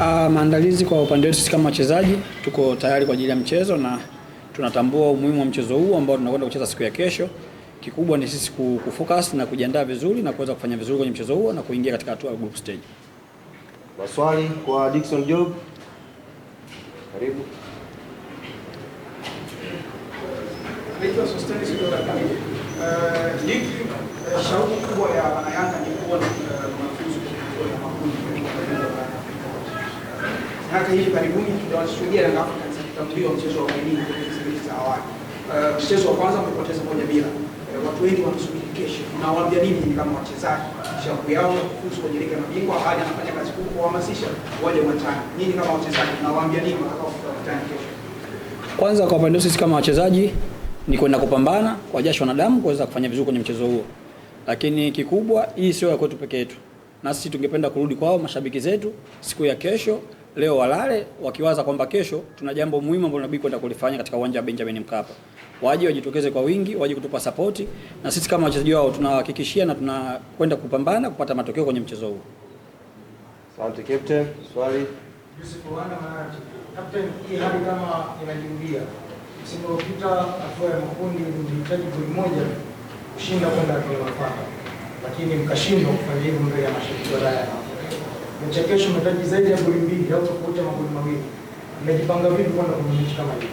Uh, maandalizi kwa upande wetu sisi kama wachezaji tuko tayari kwa ajili ya mchezo na tunatambua umuhimu wa mchezo huu ambao tunakwenda kucheza siku ya kesho. Kikubwa ni sisi kufocus na kujiandaa vizuri na kuweza kufanya vizuri kwenye mchezo huo na kuingia katika hatua ya group stage. Maswali kwa Dickson Job. Karibu. Eh, eh, shauku kubwa ya Wanayanga ni kuona hata hivi karibuni tunashuhudia Yanga Africans akitambuliwa mchezo wa ugenini kwenye series za awali. Uh, mchezo wa kwanza umepoteza moja bila. Uh, watu wengi wanasubiri kesho, nawaambia nini ni kama wachezaji, shauku yao kuhusu kwenye ligi ya mabingwa hali anafanya kazi kubwa kuhamasisha waje uwanjani. Nini kama wachezaji nawaambia nini watakaofika uwanjani kesho? Kwanza kwa upande sisi kama wachezaji ni kwenda kupambana kwa jasho na damu kuweza kufanya vizuri kwenye mchezo huo, lakini kikubwa hii sio ya kwetu peke yetu, na sisi tungependa kurudi kwao mashabiki zetu siku ya kesho leo walale wakiwaza kwamba kesho tuna jambo muhimu ambalo tunabidi kwenda kulifanya katika uwanja wa Benjamin Mkapa. Waje wajitokeze kwa wingi, waje kutupa sapoti, na sisi kama wachezaji wao tunahakikishia na tunakwenda kupambana kupata matokeo kwenye mchezo huu. Asante captain. Swali Yusuf Wana Manachi. Captain, hii hali kama inajirudia msimu uliopita, hatua ya makundi mlihitaji goli moja kushinda kwenda kwa lakini mkashindwa kufanya hivyo mbele ya mashirikisho haya mechi ya kesho mnahitaji zaidi ya goli mbili au tofauti ya magoli mawili. Mmejipanga vipi kwenda kwenye mechi kama hii?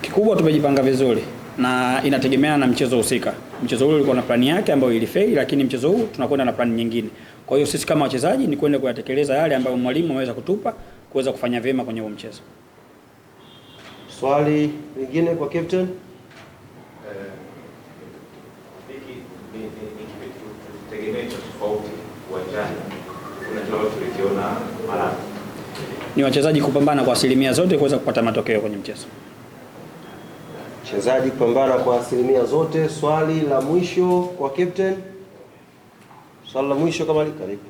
Kikubwa tumejipanga vizuri na inategemeana na mchezo husika. Mchezo ule ulikuwa na plani yake ambayo ilifeli, lakini mchezo huu tunakwenda na plani nyingine. Kwa hiyo sisi kama wachezaji ni kwenda kuyatekeleza yale ambayo mwalimu ameweza kutupa kuweza kufanya vyema kwenye huo mchezo. Swali lingine kwa captain? Uh, eh, Nikitegemea tofauti uwanjani ni wachezaji kupambana kwa asilimia zote kuweza kupata matokeo kwenye mchezo. Wachezaji kupambana kwa asilimia zote. Swali la mwisho kwa captain, swali la mwisho kama likaribu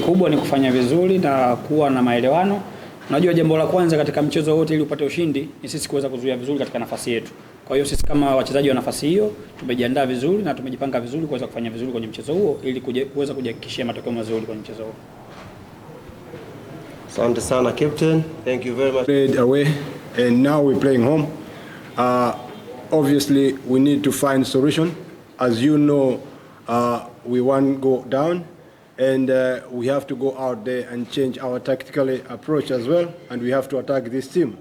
kikubwa ni kufanya vizuri na kuwa na maelewano. Unajua, jambo la kwanza katika mchezo wote ili upate ushindi ni sisi kuweza kuzuia vizuri katika nafasi yetu. Kwa hiyo sisi kama wachezaji wa nafasi hiyo tumejiandaa vizuri na tumejipanga vizuri kuweza kufanya vizuri kwenye mchezo huo ili kuweza kujihakikishia matokeo mazuri kwenye mchezo huo. Asante sana captain. Thank you very much. Played away and now we're playing home. Uh, obviously we need to find solution. As you know, uh, we won't go down. and uh, we have to go out there and change our tactical approach as well, and we have to attack this team.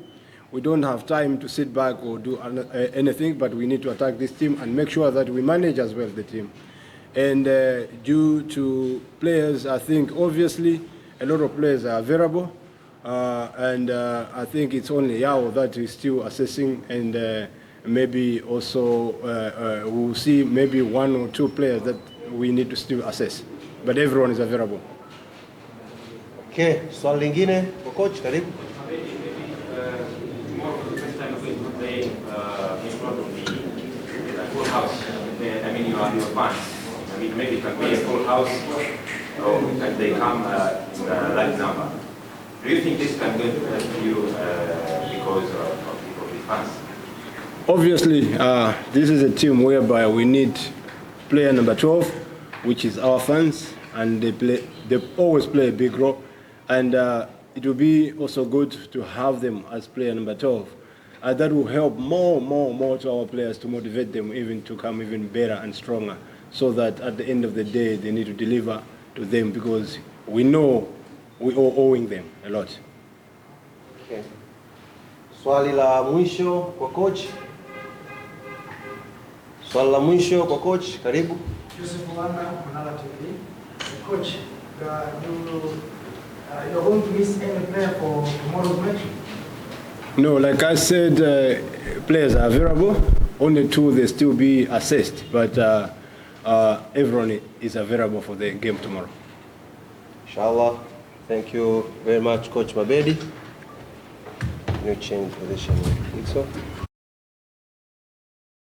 We don't have time to sit back or do an, uh, anything, but we need to attack this team and make sure that we manage as well the team. And uh, due to players, I think obviously a lot of players are available, uh, and uh, I think it's only Yao that is still assessing and. Uh, maybe also we'll see maybe one or two players that we need to still assess but everyone is available. Okay, swali lingine kwa coach, karibu. Uh, uh, I mean, you your I mean, maybe it can be a house, can oh, come uh, Do you think because of, the Obviously, uh, this is a team whereby we need player number 12 which is our fans, and they play they always play a big role, and uh, it will be also good to have them as player number 12. Uh, that will help more, more, more to our players to motivate them even to come even better and stronger, so that at the end of the day they need to deliver to them because we know we are owing them a lot. Okay. Swali la mwisho kwa coach. Swali la mwisho kwa coach, karibu. Joseph Mwanga, Manara TV. Coach, uh, you, uh, you're to miss any player for tomorrow's match? No, like I said, uh, players are available. Only two they still be assessed, but uh, uh, everyone is available for the game tomorrow. Inshallah. Thank you very much, Coach Mabedi. New change position. I Think so.